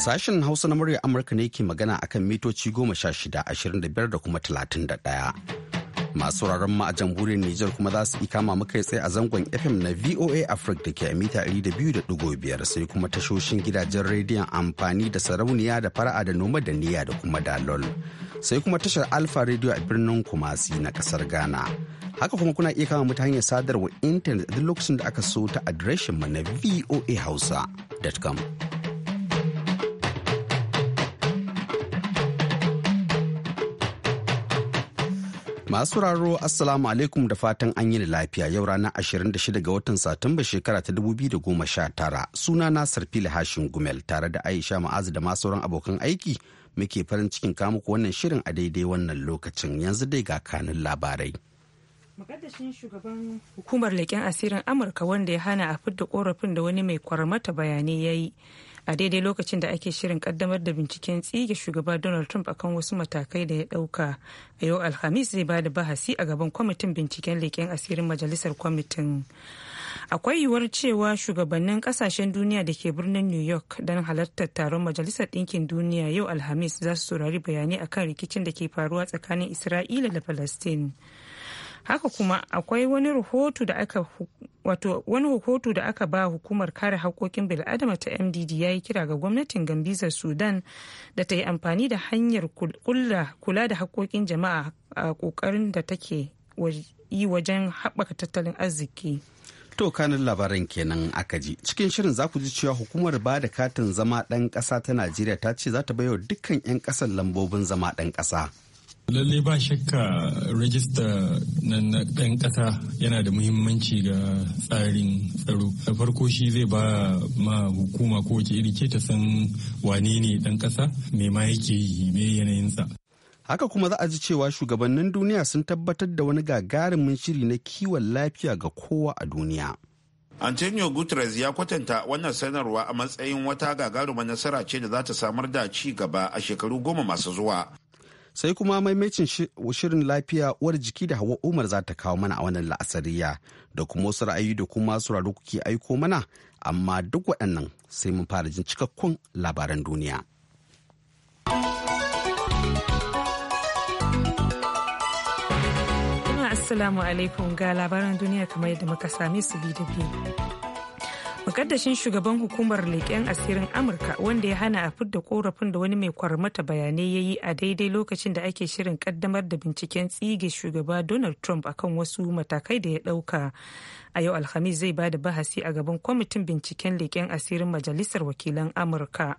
Sashen Hausa na murya Amurka ne ke magana akan mitoci goma sha shida ashirin da biyar da kuma talatin da ɗaya. Masu wuraren ma a jamhuriyar Nijar kuma za su ikama muka tsaye a zangon FM na VOA Africa da ke a mita ɗari da biyu da ɗigo biyar sai kuma tashoshin gidajen rediyon amfani da sarauniya da fara'a da noma da niyya da kuma dalol. Sai kuma tashar Alfa Radio a birnin Kumasi na kasar Ghana. Haka kuma kuna iya kama mu ta hanyar sadarwa intanet duk lokacin da aka so ta adireshin mu na voahausa.com. Masu raro Assalamu alaikum da fatan an yi lafiya yau ranar 26 ga watan Satumba shekara ta 2019 suna na sarfili Hashin Gumel tare da Aisha Ma'azu da masu sauran abokan aiki muke farin cikin kamuku wannan shirin a daidai wannan lokacin yanzu dai ga kanun labarai. shugaban hukumar leƙen asirin Amurka wanda ya hana a fidda ƙorafin da wani mai kwarmata bayanai ya yi a daidai lokacin da ake shirin kaddamar da binciken tsige shugaba donald trump akan wasu matakai da ya dauka a yau alhamis zai bada bahasi a gaban kwamitin binciken leken asirin majalisar kwamitin akwai yiwuwar cewa shugabannin kasashen duniya da ke birnin new york don halartar taron majalisar ɗinkin duniya yau alhamis za su saurari bayanai akan rikicin da ke faruwa tsakanin isra'ila da palestine haka kuma akwai wani rahoto da aka wato wani rahoto da aka ba hukumar kare haƙoƙin bil'adama ta mdd ya yi kira ga gwamnatin gambizar sudan da ta yi amfani da hanyar kula da haƙoƙin jama'a a ƙoƙarin da take yi wajen haɓaka tattalin arziki To kanin labaran kenan aka ji. Cikin shirin za ku ji cewa hukumar ba da katin zama ɗan ƙasa ta Najeriya ta ce za ta baiwa dukkan 'yan ƙasar lambobin zama ɗan ƙasa. Lalle ba shakka rajista na ɗan ƙasa yana da muhimmanci ga tsarin tsaro. Da farko shi zai ba ma hukuma ko wace iri ce ta san wane ne ɗan ƙasa me ma yake yi me yanayinsa. Haka kuma za a ji cewa shugabannin duniya sun tabbatar da wani gagarumin shiri na kiwon lafiya ga kowa a duniya. Antonio Guterres ya kwatanta wannan sanarwa a matsayin wata gagaruma nasara ce da za ta samar da ci gaba a shekaru goma masu zuwa sai kuma maimacin shirin lafiya uwar jiki da hawa umar za ta kawo mana a wannan la'asariya da kuma wasu ra'ayi da kuma sauraro kuke aiko mana amma duk waɗannan sai mun fara jin cikakkun labaran duniya. Assalamu alaikum ga labaran duniya kamar yadda muka same su bi mukaddashin shugaban hukumar leƙen asirin amurka wanda ya hana a fidda korafin da wani mai kwarmata bayanai ya yi a daidai lokacin da ake shirin kaddamar da binciken tsige shugaba donald trump akan wasu matakai da ya ɗauka a yau alhamis zai ba da bahasi a gaban kwamitin binciken leƙen asirin majalisar wakilan amurka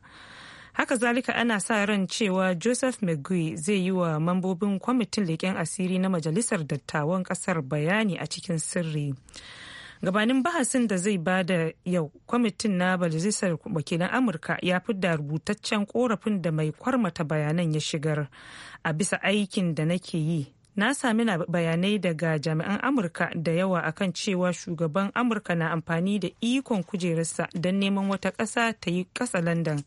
haka zalika ana sa ran cewa joseph mcgui zai yi wa mambobin kwamitin leƙen asiri na majalisar dattawan ƙasar bayani a cikin sirri gabanin bahasin da zai ba da yau kwamitin na majalisar wakilan amurka ya da rubutaccen korafin da mai kwarmata bayanan ya shigar a bisa aikin da nake yi na sami bayanai daga jami'an amurka da yawa akan cewa shugaban amurka na amfani da ikon kujerarsa don neman wata ƙasa ta yi ƙasa london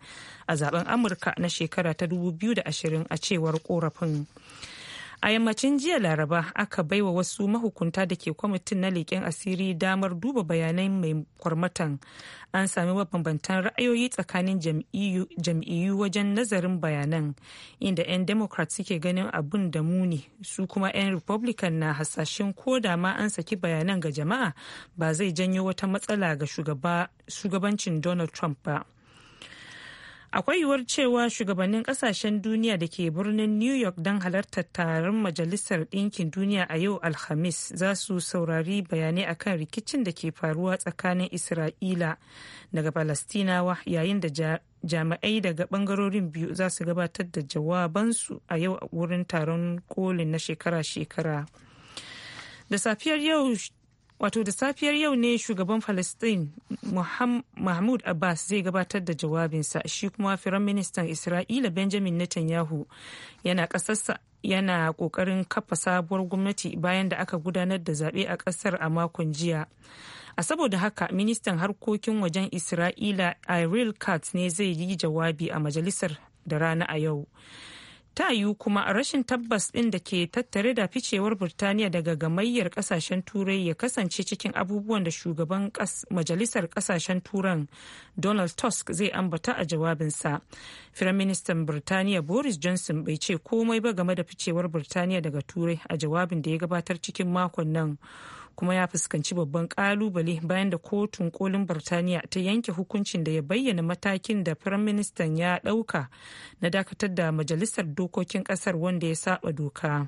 a zaben amurka na shekara ta 2020 a cewar korafin a yammacin jiya laraba aka baiwa wasu mahukunta da ke kwamitin na leƙen asiri damar duba bayanai mai kwarmatan an sami mabambantan ra'ayoyi tsakanin jam'iyyu wajen nazarin bayanan inda 'yan democrat suke ganin abun da muni su kuma 'yan republican na hasashen ko da ma an saki bayanan ga jama'a ba zai janyo wata matsala ga shugabancin donald trump ba akwai yiwuwar cewa shugabannin kasashen duniya da ke birnin new york don halartar taron majalisar ɗinkin duniya a yau alhamis za su saurari bayanai akan rikicin da ke faruwa tsakanin isra'ila daga palestinawa yayin da jami'ai daga bangarorin biyu za su gabatar da jawabansu a yau a wurin taron kolin na shekara-shekara da safiyar yau wato da safiyar yau ne shugaban palestine mahmud abbas zai gabatar da jawabinsa shi kuma firan ministan isra'ila benjamin netanyahu yana kasarsa yana kokarin kafa sabuwar gwamnati bayan da aka gudanar da zaɓe a ƙasar a makon jiya a saboda haka ministan harkokin wajen isra'ila iril katz ne zai yi jawabi a majalisar da rana a yau ta yiwu kuma rashin tabbas ɗin da ke tattare da ficewar birtaniya daga gamayyar kasashen turai ya kasance cikin abubuwan da shugaban majalisar kasashen turan donald tusk zai ambata a jawabinsa firaministan birtaniya boris johnson bai ce komai ba game da ficewar birtaniya daga turai a jawabin da ya gabatar cikin makon nan kuma ya fuskanci babban kalubale bayan da kotun kolin birtaniya ta yanke hukuncin da ya bayyana matakin da firaministan ya ɗauka na dakatar da majalisar dokokin ƙasar wanda ya saba doka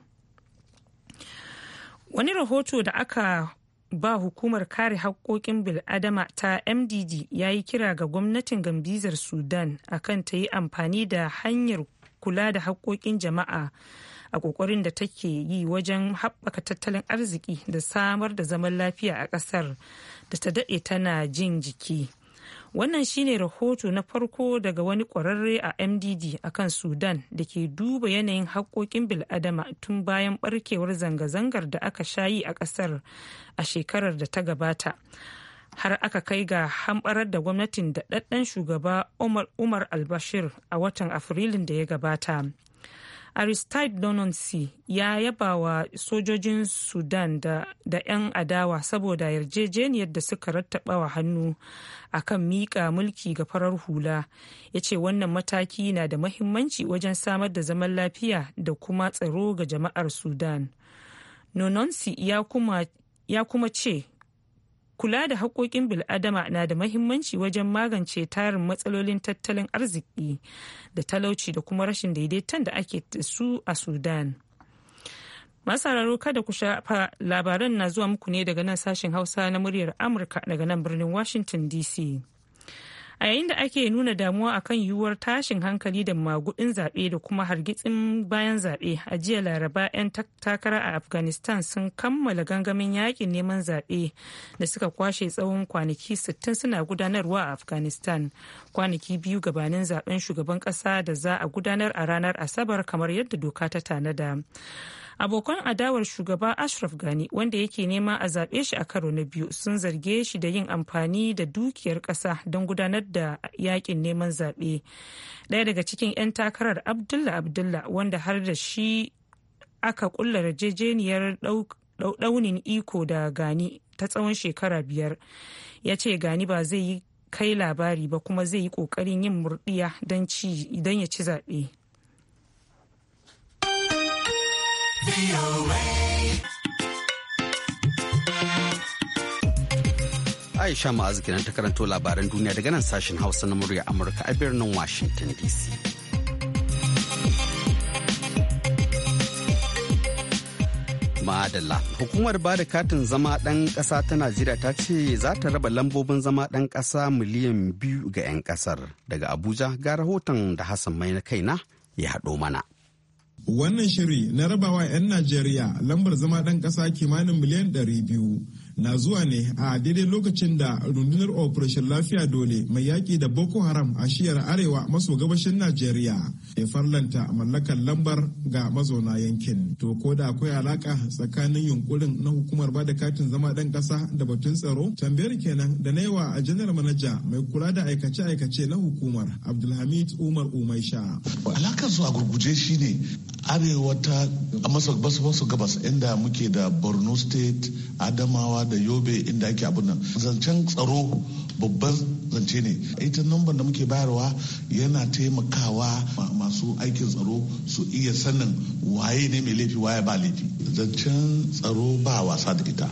wani rahoto da aka ba hukumar kare haƙƙoƙin bil'adama ta mdd ya yi kira ga gwamnatin gambizar sudan akan ta yi amfani da hanyar kula da haƙƙoƙin jama'a a kokarin da take yi wajen haɓaka tattalin arziki da samar da zaman lafiya a ƙasar da ta daɗe tana jin jiki wannan shine rahoto na farko daga wani ƙwararre a mdd akan sudan da ke duba yanayin haƙoƙin bil'adama tun bayan ɓarkewar zanga-zangar da aka shayi a ƙasar a shekarar da ta gabata har aka kai ga hamɓarar da gwamnatin daɗaɗɗen shugaba umar, al-bashir a watan afrilun da ya gabata aristide donancy ya yaba wa sojojin sudan da 'yan adawa saboda yarjejeniyar da suka rattaba wa hannu a kan miƙa mulki ga farar hula ya ce wannan mataki na da mahimmanci wajen samar da zaman lafiya da kuma tsaro ga jama'ar sudan nononsi ya kuma ce kula da haƙoƙin bil'adama na da mahimmanci wajen magance tarin matsalolin tattalin arziki da talauci da kuma rashin daidaiton da ake da su a sudan masararo kada ku shafa labaran na zuwa muku ne daga nan sashen hausa na muryar amurka daga nan birnin washington dc a yayin da ake nuna damuwa akan yiwuwar tashin hankali da magudin zaɓe da kuma hargitsin bayan zaɓe a jiya laraba 'yan takara a afghanistan sun kammala gangamin yakin neman zaɓe da suka kwashe tsawon kwanaki 60 suna gudanarwa a afghanistan kwanaki biyu gabanin zaben shugaban ƙasa da za a gudanar a ranar asabar kamar yadda doka ta tanada abokan adawar shugaba ashraf gani wanda yake nema a zaɓe shi a karo na biyu sun zarge shi da yin amfani da dukiyar ƙasa don gudanar da yakin neman zaɓe ɗaya daga cikin 'yan takarar abdullah abdullah wanda har da shi aka ƙulla yarjejeniyar ɗaunin iko da gani ta tsawon shekara biyar ya ce gani ba zai yi kai labari ba kuma zai yi ƙoƙarin yin murɗiya don ya ci zaɓe Aisha Ma'azu kenan ta karanto labaran duniya daga nan sashen Hausa na murya Amurka a birnin Washington DC. Ma'adala hukumar ba da katin zama ɗan ƙasa ta Najeriya ta ce za ta raba lambobin zama ɗan ƙasa miliyan biyu ga 'yan ƙasar daga Abuja ga rahoton da Hassan mai na kaina ya haɗo mana. Wannan shiri na rabawa 'yan Najeriya lambar zama ɗan ƙasa kimanin miliyan 200 na zuwa ne a daidai lokacin da rundunar operation lafiya dole mai yaƙi da boko haram a shiyar arewa maso gabashin najeriya ya farlanta mallakar lambar ga mazauna yankin to ko da akwai alaka tsakanin yunkurin na hukumar bada katin zama ɗan ƙasa da batun tsaro tambayar kenan da na yawa a janar manaja mai kula da aikace-aikace na hukumar abdulhamid umar umaisha alakar su a gurguje shine arewa ta maso gabas inda muke da borno state adamawa da yobe inda ake abun nan zancen tsaro babban zance ne ita namban da muke bayarwa yana taimakawa masu aikin tsaro su iya sanin waye ne mai laifi waye ba laifi zancen tsaro ba wasa da ita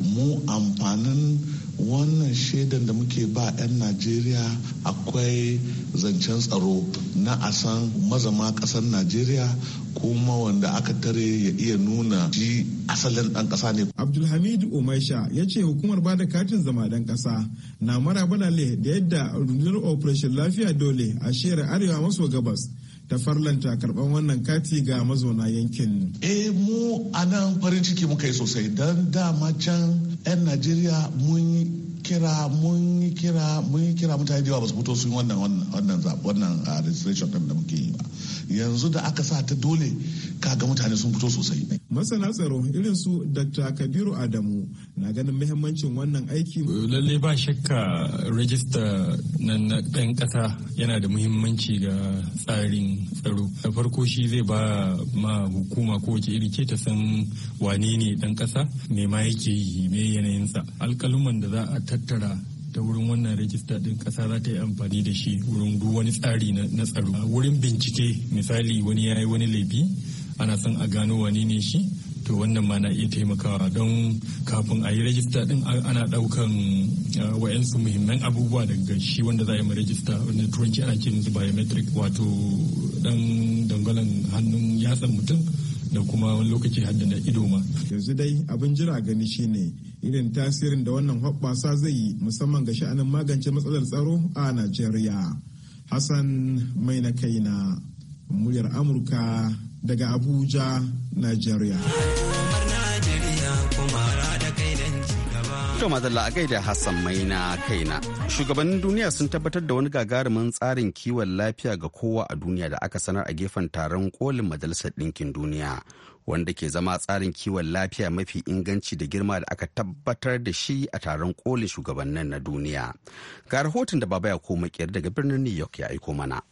mu amfanin wannan shaidan da muke ba 'yan najeriya akwai zancen tsaro na asan mazama ƙasar najeriya kuma wanda aka tare ya iya nuna shi asalin ɗan ƙasa ne. Abdulhamid Umaisha ya ce hukumar bada katin zama ɗan ƙasa na maraba da yadda rundunar operation lafiya dole a shiyar arewa maso gabas ta farlanta karban wannan kati ga mazauna yankin. e mu a nan farin ciki muka yi sosai don dama can 'yan Najeriya mun kira mun yi kira mun yi kira mutane da yawa basu fito sun wannan wannan wannan ah, registration din da muke yi ba yanzu da aka sa ta dole kaga mutane sun fito sosai masana tsaro irin su dr kabiru adamu na ganin muhimmancin wannan aiki lalle ba shakka rajista na dan kasa yana da muhimmanci ga tsarin tsaro da farko shi zai ba ma hukuma ko wace iri ce ta san wane ne dan kasa me ma yake yi me yanayinsa alkaluman da za a tattara ta wurin wannan rajista din kasa za ta yi amfani da shi wurin duk wani tsari na tsaro wurin bincike misali wani ya yi wani laifi ana son a gano wani ne shi to wannan ma na iya taimakawa don kafin a yi rajista din ana daukan wa'yansu muhimman abubuwa daga shi wanda za a yi ma rajista wanda turanci ana kiran biometric wato dan dangalan hannun yatsan mutum da kuma wani lokaci haddana ido ma. Yanzu dai abin jira gani shine irin tasirin da wannan hoɓɓasa zai yi musamman ga sha'anin magance matsalar tsaro a Najeriya. Hassan mai na kai na muryar Amurka daga Abuja, Najeriya. To madalla a gaida Hassan Maina kaina. Shugabannin duniya sun tabbatar da wani gagarumin tsarin kiwon lafiya ga kowa a duniya da aka sanar a gefen taron kolin Majalisar Ɗinkin Duniya. Wanda ke zama tsarin kiwon lafiya mafi inganci da girma da aka tabbatar da shi a taron kolin shugabannin na duniya. Ga rahoton da baba ya koma daga birnin New York ya aiko mana.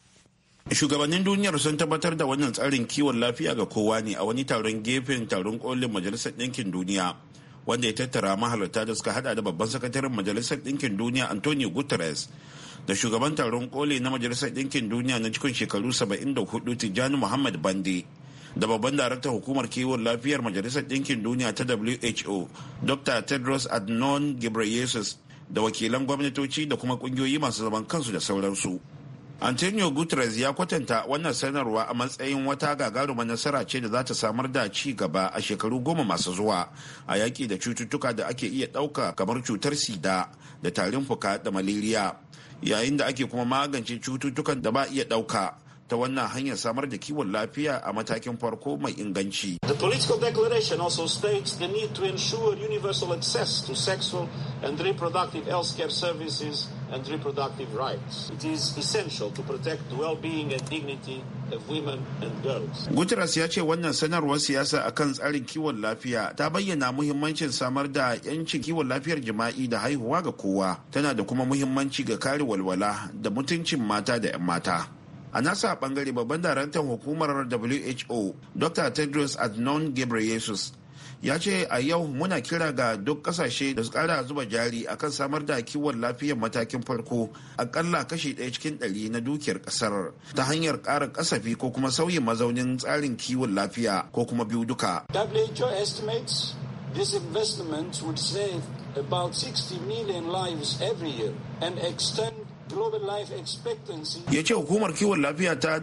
shugabannin duniyar sun tabbatar da wannan tsarin kiwon lafiya ga kowa ne a wani taron gefen taron kolin majalisar ɗinkin duniya wanda ya tattara mahalarta da suka hada da babban sakataren majalisar ɗinkin duniya antonio guterres da shugaban taron koli na majalisar ɗinkin duniya na cikin shekaru 74 tijjani muhammad bande da babban daraktan hukumar kiwon lafiyar majalisar ɗinkin duniya ta who dr tedros adnon ghebreyesus da wakilan gwamnatoci da kuma kungiyoyi masu zaman kansu da sauransu antonio guterres ya kwatanta wannan sanarwa a matsayin wata gagaruma nasara ce da za ta samar da ci gaba a shekaru goma masu zuwa a yaƙi da cututtuka da ake iya ɗauka kamar cutar sida da tarin fuka da maleriya yayin da ake kuma magance cututtukan da ba iya ɗauka ta wannan hanyar samar da kiwon lafiya a matakin farko mai inganci. The political declaration also states the need to ensure universal access to sexual and reproductive health care services and reproductive rights. It is essential to protect the well-being and dignity of women and girls. Guterres ya ce wannan sanarwar siyasa akan tsarin kiwon lafiya ta bayyana muhimmancin samar da 'yancin kiwon lafiyar jima'i da haihuwa ga kowa, tana da kuma muhimmanci ga kare walwala da mutuncin mata da 'yan mata. a nasa bangare babban darantar hukumar who dr tedros Adhanom ghebreyesus ya ce a yau muna kira ga duk kasashe da su kara zuba jari akan samar da kiwon lafiyar matakin farko akalla kashi ɗaya cikin ɗari na dukiyar ƙasar ta hanyar ƙara kasafi ko kuma sauyin mazaunin tsarin kiwon lafiya ko kuma biyu duka. WHO estimates this investment would save about 60 million lives every year and extend ya ce hukumar kiwon lafiya ta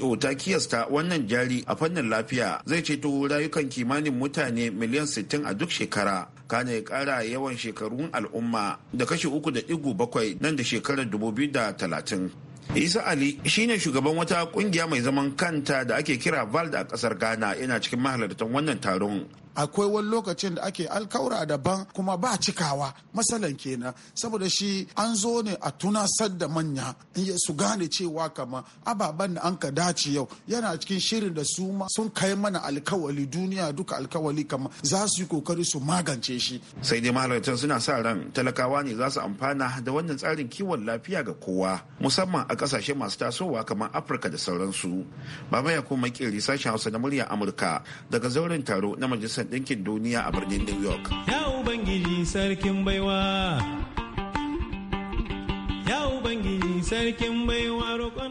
who ta kiyasta wannan jari a fannin lafiya zai ceto rayukan kimanin mutane miliyan 60 a duk shekara kana ya kara yawan shekarun al'umma da kashi uku da digo bakwai nan da shekarar 2030 isa ali shine shugaban wata kungiya mai zaman kanta da ake kira vald a kasar ghana yana cikin mahalartan wannan taron akwai wani lokacin da ake alkaura daban kuma ba cikawa masalan kenan saboda shi an zo ne a tunasar da manya su gane cewa kama ababen da an ka dace yau yana cikin shirin da su ma sun kai mana alkawali duniya duka alkawali kama za su yi kokari su magance shi sai dai mahalartan suna sa ran talakawa ne za su amfana da wannan tsarin kiwon lafiya ga kowa musamman a kasashe masu tasowa kamar afirka da sauransu baba ya kuma makeri sashen hausa na murya amurka daga zauren taro na majalisar majalisar ɗinkin duniya a birnin new york ya ubangiji sarkin baiwa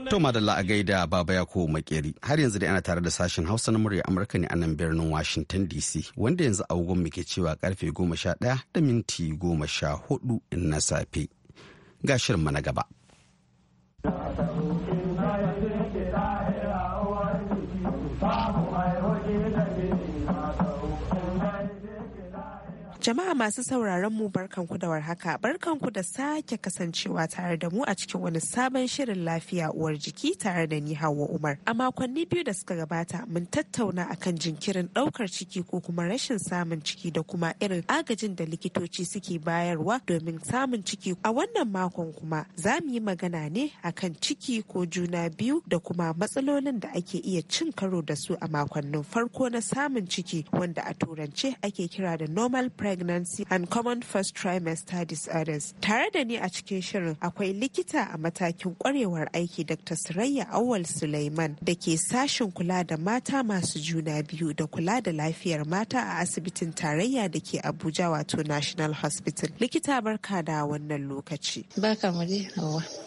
To madalla a gaida baba ya kowa makeri har yanzu da ana tare da sashen hausa na murya amurka ne a nan birnin washington dc wanda yanzu agogon muke cewa karfe goma sha ɗaya da minti goma sha hudu na safe ga gaba. na gaba. Jama'a masu sauraron mu barkanku da warhaka, barkanku da sake kasancewa tare da mu a cikin wani sabon shirin lafiya uwar jiki tare da ni Hauwa Umar. A makonni biyu da suka gabata mun tattauna akan jinkirin ɗaukar ciki ko kuma rashin samun ciki da kuma irin agajin da likitoci suke bayarwa domin samun ciki. A wannan makon kuma za mu yi magana ne akan ciki ko juna biyu da kuma matsalolin da ake iya cin karo da su a makonnin farko na samun ciki wanda a turance ake kira da normal pregnancy pregnancy and common first trimester disorders. Tare da ni a cikin shirin akwai likita a matakin kwarewar aiki Dr. Surayya Awal Sulaiman da ke sashen kula da mata masu juna biyu da kula da lafiyar mata a asibitin tarayya da ke Abuja wato National Hospital. Likita barka da wannan lokaci. Barka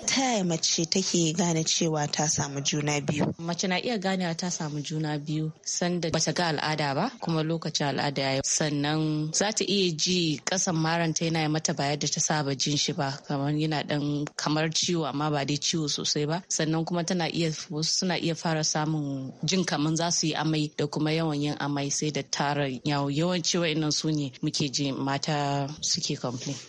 Ta yaya mace take gane cewa ta samu juna biyu? Mace na iya ganewa ta samu juna biyu sanda bata ga al'ada ba kuma lokacin al'ada ya sannan za ta iya iya ji kasan maranta yana mata ba yadda ta saba jin shi ba kamar yana dan kamar ciwo amma ba dai ciwo sosai ba sannan kuma tana iya wasu suna iya fara samun jin kamar za su yi amai da kuma yawan yin amai sai da tara yawo yawanci wa'annan su ne muke ji mata suke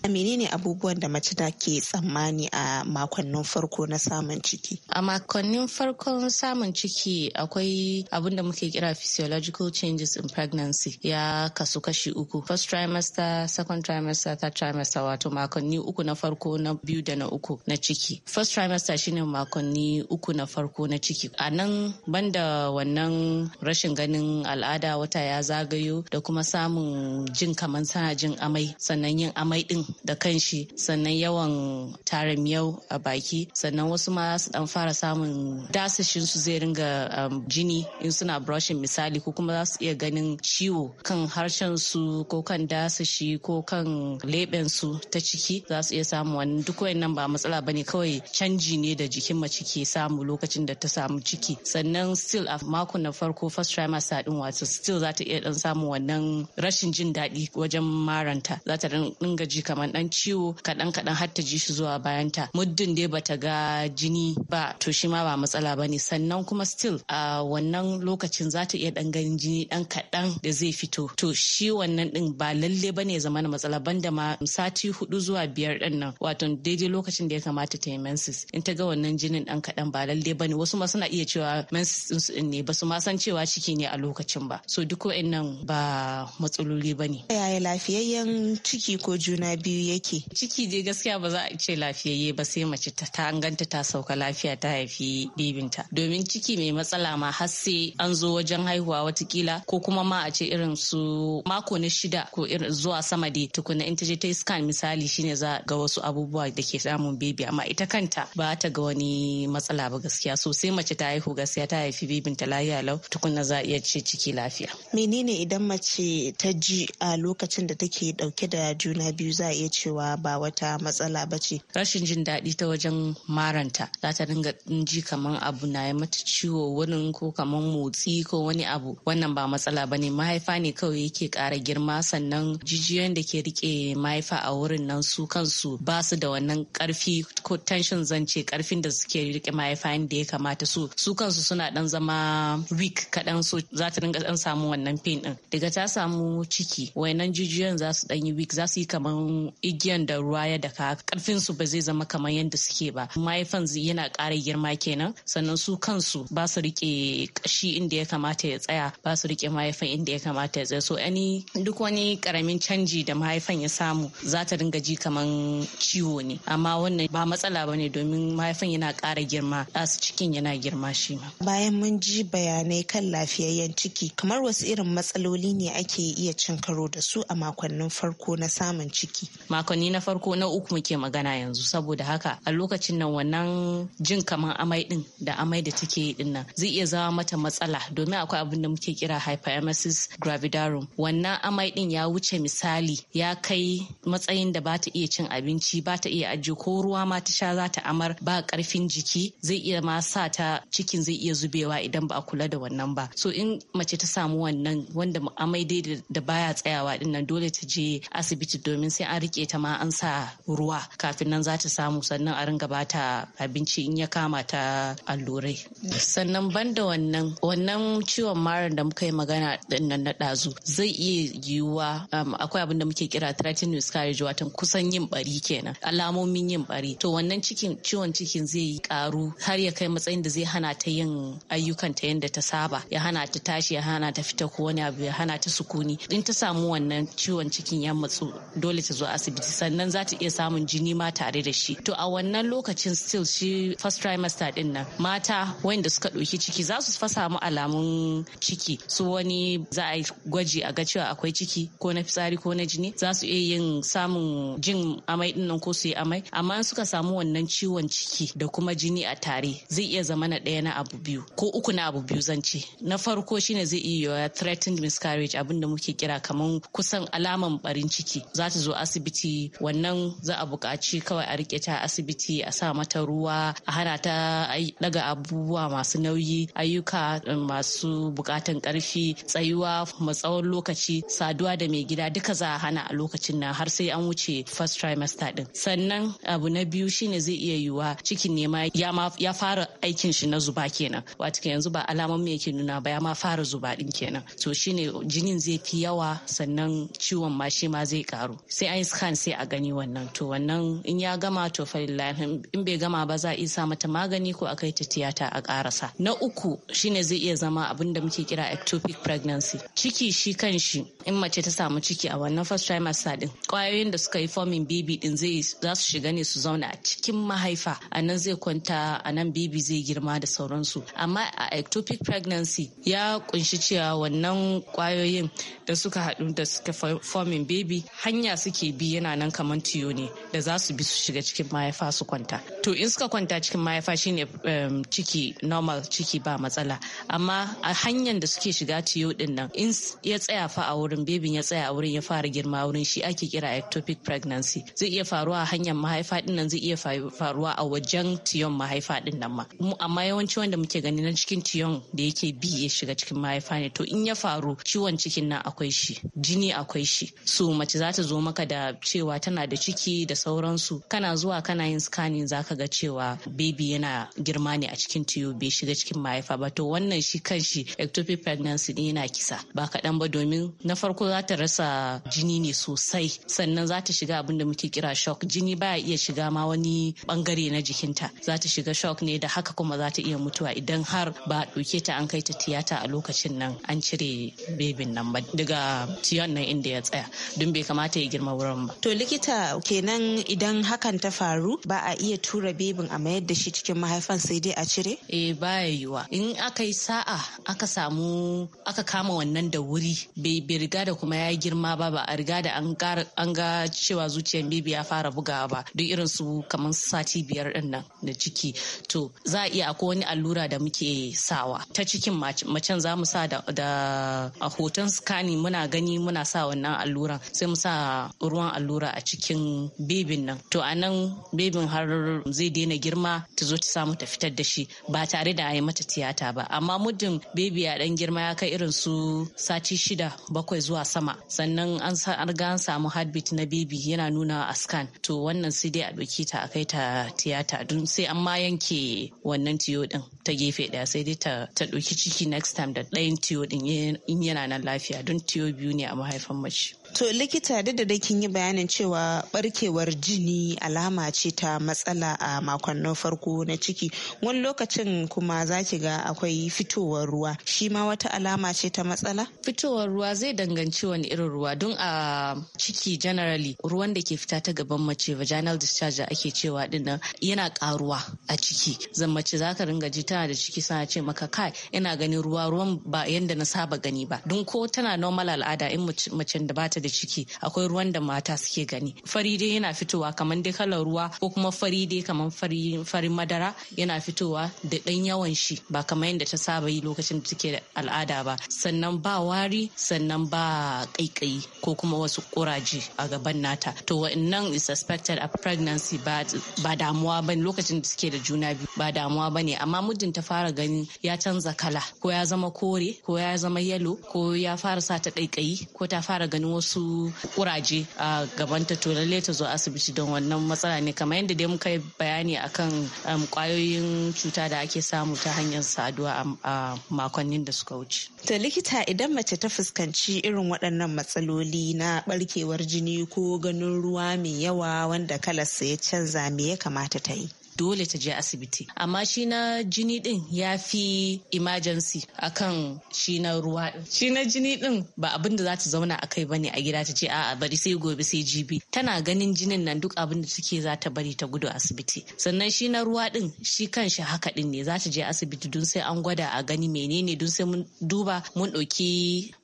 A menene abubuwan da mace ta ke tsammani a makonnin farko na samun ciki? A makonnin farkon samun ciki akwai abin da muke kira physiological changes in pregnancy ya kasu kashi uku. First trimester trimester second trimester third trimester wato makonni uku na farko na biyu da na uku na ciki first trimester shine makonni uku na farko na ciki a nan banda wannan rashin ganin al'ada wata ya zagayo da kuma samun jin kamar sana jin amai sannan yin amai din da kanshi sannan yawan tara miyau a baki sannan wasu ma su dan fara samun dasashin su zai ringa um, jini in suna brushing misali ko kuma za su iya ganin ciwo kan harshen su ko kan da nasu shi ko kan leɓen su ta ciki za su iya samu wani duk wayannan ba matsala bane kawai canji ne da jikin mace ke samu lokacin da ta samu ciki sannan still a makon na farko first trimester din wato still za ta iya dan samu wannan rashin jin daɗi wajen maranta za ta dinga ji kamar dan ciwo kaɗan kaɗan har ta ji shi zuwa bayanta muddin dai bata ga jini ba to shi ma ba matsala bane sannan kuma still a wannan lokacin za ta iya dan ganin jini dan kaɗan da zai fito to shi wannan din ba lalle lalle bane ya zama matsala banda ma sati hudu zuwa biyar din nan wato daidai lokacin da ya kamata ta yi menses in ta ga wannan jinin dan kadan ba lalle bane wasu ma suna iya cewa menses din ne ba su ma san cewa ciki ne a lokacin ba so duk wa'annan ba matsaloli bane yaya lafiyayyen ciki ko juna biyu yake ciki dai gaskiya ba za a ce lafiyayye ba sai mace ta ta ganta ta sauka lafiya ta haifi bibinta domin ciki mai matsala ma har sai an zo wajen haihuwa watakila ko kuma ma a ce irin su mako na shida ko zuwa sama da tukuna in ta je ta scan misali shine za ga wasu abubuwa da ke samun bebi amma ita kanta ba ta ga wani matsala ba gaskiya sosai mace ta haihu gaskiya ta haifi bebin ta lafiya lau tukuna za iya ce ciki lafiya. Menene idan mace ta ji a lokacin da take dauke da juna biyu za iya cewa ba wata matsala ba ce. Rashin jin daɗi ta wajen maranta za ta dinga ji kamar abu na ya mata ciwo wurin ko kamar motsi ko wani abu wannan ba matsala ba ne mahaifa ne kawai yake ƙara girma sannan jijiyoyin da ke rike mahaifa a wurin nan su kansu ba su da wannan karfi ko tension zance karfin da suke rike mahaifa yadda ya kamata su su kansu suna dan zama weak kadan so za ta dinga dan samu wannan pain din daga ta samu ciki wayannan jijiyoyin za su dan yi weak za su yi kamar igiyan da ruwa ya daka karfin su ba zai zama kamar yadda suke ba mahaifan yana ƙara girma kenan sannan su kansu ba su rike kashi inda ya kamata ya tsaya ba su rike mahaifan inda ya kamata ya tsaya so any duk wani karamin canji da mahaifan ya samu za ta dinga ji kaman ciwo ne amma wannan ba matsala ba ne domin mahaifan yana kara girma su cikin yana girma shi ma. bayan mun ji bayanai kan lafiyayyen ciki kamar wasu irin matsaloli ne ake iya cin karo da su a makonnin farko na samun ciki. makonni na farko na uku muke magana yanzu saboda haka a lokacin nan wannan jin kaman amai din da amai da take yi din nan zai iya zama mata matsala domin akwai abin da muke kira hyperemesis gravidarum wannan amai din ya wuce mace misali ya kai matsayin da ba ta iya cin abinci ba ta iya ajiye ko ruwa ma ta sha za ta amar ba karfin jiki zai iya ma sa ta cikin zai iya zubewa idan ba a kula da wannan ba so in mace ta samu wannan wanda amai dai da baya tsayawa din nan dole ta je asibiti domin sai an rike ta ma an sa ruwa kafin nan za ta samu sannan a ringa ba ta abinci in ya kama ta allurai sannan banda wannan wannan ciwon marar da muka yi magana din na dazu zai iya yiwuwa Um, akwai abin da muke kira threatening miscarriage tan kusan yin bari kenan alamomin yin bari to wannan cikin ciwon cikin zai yi karu har ya kai matsayin da zai hana ta yin ayyukan ta yadda ta saba ya hana ta tashi ya hana ta fita ko wani abu ya hana ta sukuni in ta samu wannan ciwon cikin ya matsu dole ta zo asibiti sannan za ta iya samun jini ma tare da shi to a wannan lokacin still shi first trimester din nan mata wanda suka ɗauki ciki za su fa samu alamun ciki su wani za a yi gwaji a ga cewa akwai ciki ko na fitsari ko na jini za su iya yin samun jin amai din ko su yi amai amma in suka samu wannan ciwon ciki da kuma jini a tare zai iya zama na ɗaya na abu biyu ko uku na abu biyu zan ce na farko shine zai iya yiwa threatened miscarriage abin da muke kira kaman kusan alaman barin ciki za ta zo asibiti wannan za a buƙaci kawai a rike ta asibiti a sa mata ruwa a hana ta daga abubuwa masu nauyi ayyuka um, masu buƙatan ƙarfi tsayuwa matsawon lokaci saduwa da mai gida gida duka za a hana a lokacin nan har sai an wuce first trimester din sannan abu na biyu shine zai iya yiwa cikin nema ya fara aikin shi na zuba kenan wato yanzu ba alaman me yake nuna ba ya ma fara zuba din kenan to shine jinin zai fi yawa sannan ciwon ma shi ma zai karu sai an scan sai a gani wannan to wannan in ya gama to falilahin in bai gama ba za a isa mata magani ko a kai ta tiyata a karasa na uku shine zai iya zama abin da muke kira ectopic pregnancy ciki shi kan shi in mace ta samu ciki a wannan first trimester din kwayoyin da suka yi forming baby din zai za su shiga ne su zauna a cikin mahaifa a nan zai kwanta a nan baby zai girma da sauransu amma a ectopic pregnancy ya kunshi cewa wannan kwayoyin da suka haɗu da suka forming baby hanya suke bi yana nan kamar tiyo ne da za su bi su shiga cikin mahaifa su kwanta to in suka kwanta cikin mahaifa shine um, ciki normal ciki ba matsala amma a hanyar da suke shiga tiyo din nan in ya tsaya fa a wurin bebin ya tsaya a wurin ya fara girma wurin shi ake kira ectopic pregnancy zai iya faruwa a hanyar mahaifa din nan zai iya faruwa a wajen tiyon mahaifa din nan ma amma yawanci wanda muke gani na cikin tiyon da yake bi ya shiga cikin mahaifa ne to in ya faru ciwon cikin nan akwai shi jini akwai shi so mace za ta zo maka da cewa tana da ciki da sauransu kana zuwa kana yin scanning zaka ga cewa baby yana girma ne a cikin tiyo bai shiga cikin mahaifa ba to wannan shi kanshi ectopic pregnancy din yana kisa ba kaɗan ba domin na farko za ta rasa rasa jini ne sosai sannan za ta shiga abin da muke kira shock jini baya iya shiga ma wani bangare na jikinta za ta shiga shock ne da haka kuma za ta iya mutuwa idan har ba doketa ta an kai ta tiyata a lokacin nan an cire bebin nan ba daga tiyon nan inda ya tsaya don bai kamata ya girma wurin ba. To likita kenan idan hakan ta faru ba a iya tura bebin a mayar da shi cikin mahaifan sai dai a cire? Eh baya yiwa in aka yi sa'a aka samu aka kama wannan da wuri bai riga da kuma ya girma ba ba a riga da an ga cewa zuciyar bibi ya fara bugawa ba duk irin su kamar sati biyar din nan da ciki to za a iya akwai wani allura da muke sawa ta cikin macen za mu sa da a hoton skani muna gani muna sa wannan allura sai mu sa ruwan allura a cikin bibin nan to a nan bibin har zai daina girma ta zo ta samu ta fitar da shi ba tare da a yi mata tiyata ba amma muddin bibi ya dan girma ya kai irin su sati shida bakwai zuwa sama sannan an riga an samu heartbeat na baby yana nuna a scan to wannan sai dai a ɗauki ta a kai ta tiyata don sai an ma yanke wannan tiyo din ta gefe ɗaya sai dai ta ɗauki ciki next time da ɗayan tiyo din in yana nan lafiya don tiyo biyu ne a mahaifan mace. To likita da da kin yi bayanin cewa barkewar jini alama ce ta matsala a makonnin farko na ciki wani lokacin kuma za ki ga akwai fitowar ruwa shi ma wata alama ce ta matsala? Fitowar ruwa zai danganci wani irin ruwa don a ciki generally ruwan da ke fita ta gaban mace vaginal discharge ake cewa dinnan yana karuwa a ciki zan mace za ka ringa ji tana da ciki sana ce maka kai ina ganin ruwa ruwan ba yanda na saba gani ba don ko tana normal al'ada in mace da ba da da ciki akwai ruwan da mata suke gani fari dai yana fitowa kamar dai kalar ruwa ko kuma fari dai kamar farin madara yana fitowa da ɗan yawan shi ba kamar yadda ta saba yi lokacin da take al'ada ba sannan ba wari sannan ba kaikayi ko kuma wasu kuraje a gaban nata to wa'annan is suspected a pregnancy ba damuwa ba lokacin da suke da juna biyu ba damuwa ba ne amma muddin ta fara gani ya canza kala ko ya zama kore ko ya zama yalo ko ya fara sa ta kaikayi ko ta fara ganin wasu wasu kuraje a ta to lalle ta zo asibiti don wannan matsala ne kamar yadda dai muka yi bayani akan um, kwayoyin cuta da ake samu ta hanyar saduwa a makonnin da suka wuce. Ta likita idan mace ta fuskanci irin waɗannan matsaloli na ɓarkewar jini ko ganin ruwa mai yawa wanda kalarsa ya canza me ya kamata ta yi? dole ta je asibiti amma shi na jini din ya fi emergency akan shi na ruwa shi na jini din ba abin da za ta zauna a kai bane a gida ta ce a'a bari sai gobe sai jibi tana ganin jinin nan duk abin da take za ta bari ta gudu asibiti sannan shi na ruwa din shi kanshi haka din ne za ta je asibiti dun sai an gwada a gani menene dun sai mun duba mun ɗauki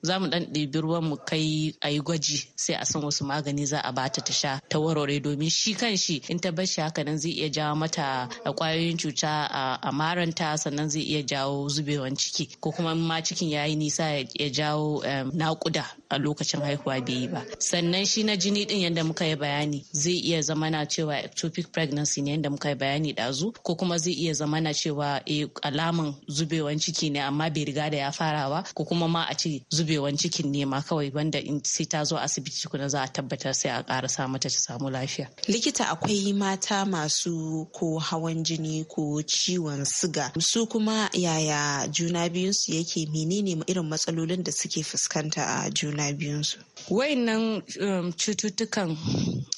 za mu dan ɗebi ruwan mu kai a yi gwaji sai a san wasu magani za a bata ta sha ta warware domin shi kanshi in ta bar shi haka nan zai iya jawo mata ta kwayoyin cuta a maranta sannan zai iya jawo zubewan ciki ko kuma ma cikin yayi nisa ya jawo naƙuda. a lokacin haihuwa bai yi ba sannan shi na jini din yadda muka yi bayani zai iya zama na cewa ectopic pregnancy ne yadda muka yi bayani dazu ko kuma zai iya zama na cewa e, alaman zubewan ciki ne amma bai riga da ya farawa ko kuma ma a ce zubewan cikin ne ma kawai wanda in sai ta zo asibiti kuna za a tabbatar sai a karasa mata ta samu lafiya likita akwai mata masu ko hawan jini ko ciwon siga su kuma yaya juna biyunsu yake menene irin matsalolin da suke fuskanta a juna juna biyunsu. Wayannan um, cututtukan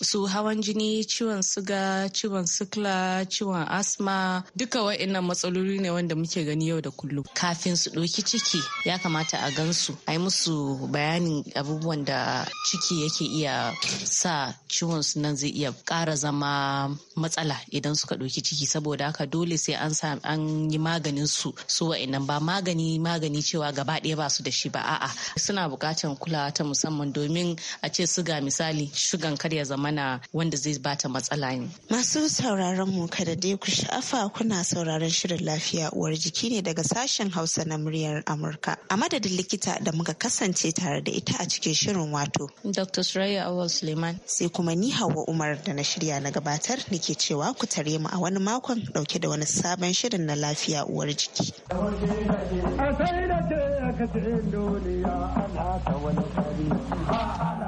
su hawan jini, ciwon suga, ciwon sikla, ciwon asma duka wayannan matsaloli ne wanda muke gani yau da kullum. Kafin su ɗauki ciki ya kamata a gansu, a yi musu bayanin abubuwan da ciki yake iya sa ciwon su nan zai iya ƙara zama matsala idan suka ɗauki ciki saboda haka dole sai an an yi maganin su su wa'annan ba magani magani cewa gaba ɗaya ba su da shi ba a'a suna buƙatan kulawa ta musamman domin a ce suga misali shugan kar ya zamana wanda zai bata matsala ne. Masu sauraron mu kada dai ku sha'afa kuna sauraron shirin lafiya uwar jiki ne daga sashen Hausa na muryar Amurka. A madadin likita da muka kasance tare da ita a cikin shirin wato. Dr. Suraya Awal Suleiman. Sai kuma ni Hauwa Umar da na shirya na gabatar nake cewa ku tare mu a wani makon dauke da wani sabon shirin na lafiya uwar jiki.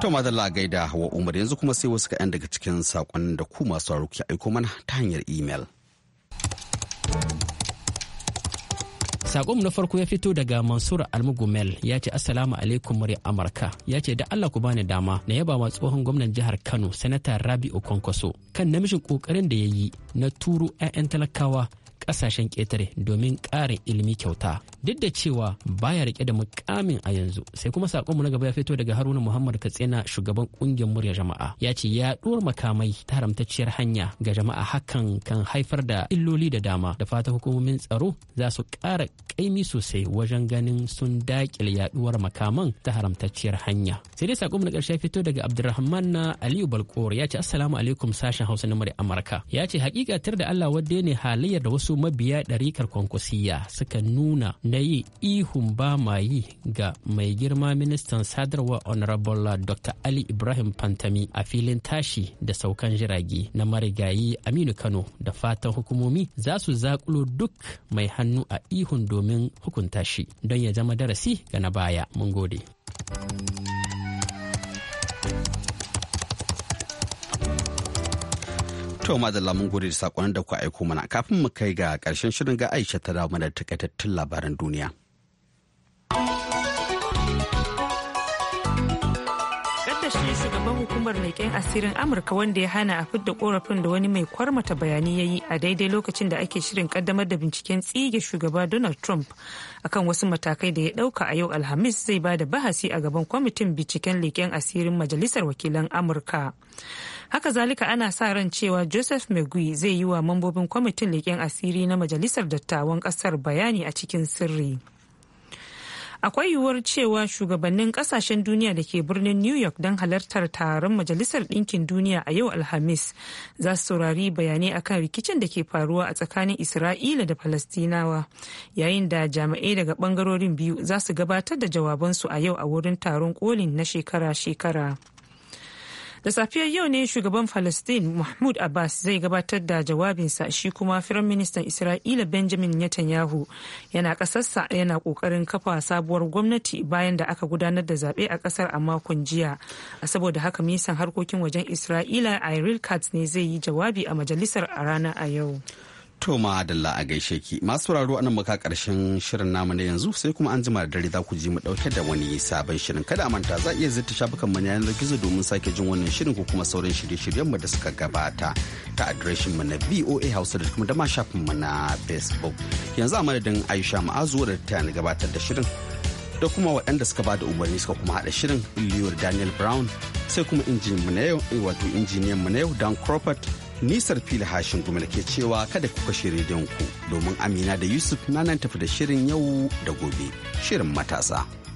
To madalla gaida hawa Umar yanzu kuma sai wasu kaɗan daga cikin saƙonnin da ku masu sauraro ke aiko mana ta hanyar imel. Saƙonmu na farko ya fito daga Mansur Almugumel ya ce Assalamu alaikum muri Amurka ya ce da Allah ku bani dama na yaba ma tsohon gwamnan jihar Kano Sanata rabi Kwankwaso kan namijin ƙoƙarin da ya yi na turo 'ya'yan talakawa ƙasashen ƙetare domin ƙarin ilimi kyauta duk da cewa baya rike da mukamin a yanzu sai kuma sakonmu na gaba ya fito daga haruna muhammad katsina shugaban kungiyar murya jama'a ya ce yaɗuwar makamai ta haramtacciyar hanya ga jama'a hakan kan haifar da illoli da dama da fata hukumomin tsaro za su ƙara ƙaimi sosai wajen ganin sun daƙile yaɗuwar makaman ta haramtacciyar hanya sai dai sakonmu na ya fito daga abdulrahman na aliyu balkor ya ce assalamu alaikum sashen hausa na murya amurka ya ce haƙiƙatar da allah wadda ne halayyar da wasu mabiya ɗarikar kwankwasiya suka nuna na yi ihun ba ma yi ga mai girma ministan sadarwa honorable dr ali ibrahim fantami a filin tashi da saukan jirage na marigayi aminu kano da fatan hukumomi za su zakulo duk mai hannu a ihun domin hukunta shi don ya zama darasi ga na baya mun gode. To madalla mun gode da saƙonin da ku aiko mana kafin mu kai ga ƙarshen shirin ga Aisha ta da mana takaitattun labaran duniya. hukumar leƙen asirin amurka wanda ya hana a fidda korafin da wani mai kwarmata bayani ya yi a daidai lokacin da ake shirin kaddamar da binciken tsige shugaba donald trump akan wasu matakai da ya ɗauka a yau alhamis zai ba da bahasi a gaban kwamitin binciken leƙen asirin majalisar wakilan amurka haka zalika ana sa ran cewa joseph megui zai yi wa mambobin kwamitin leƙen asiri na majalisar dattawan ƙasar bayani a cikin sirri. akwai yiwuwar cewa shugabannin kasashen duniya da ke birnin new york don halartar taron majalisar ɗinkin duniya a yau alhamis za su saurari bayanai akan rikicin da ke faruwa a tsakanin isra'ila da palestinawa yayin da jami'ai daga bangarorin biyu za su gabatar da jawabansu a yau a wurin taron kolin na shekara-shekara da safiyar yau ne shugaban palestine mahmud abbas zai gabatar da jawabinsa shi kuma firan ministan isra'ila benjamin netanyahu yana kasarsa yana kokarin kafa sabuwar gwamnati bayan da aka gudanar da zaɓe a ƙasar a makon jiya a saboda haka misan harkokin wajen isra'ila iril katz ne zai yi jawabi a majalisar a rana a yau Toma Adalla a gaishe ki masu sauraro anan muka karshen shirin namu na yanzu sai kuma an jima da dare za ku ji mu dauke da wani sabon shirin kada a manta za iya zita shafukan mu na gizo domin sake jin wannan shirin ko kuma sauran shirye-shiryen mu da suka gabata ta adireshin mu na BOA Hausa da kuma da ma shafin mu na Facebook yanzu a madadin Aisha Ma'azu da ta gabatar da shirin da kuma waɗanda suka bada umarni suka kuma haɗa shirin Lewis Daniel Brown sai kuma injin mu na yau wato injiniyan mu na yau Dan Crawford Nisar fili hashin gumel ke cewa kada ku kashe rediyonku domin Amina da Yusuf na nan tafi da shirin yau da gobe, shirin matasa.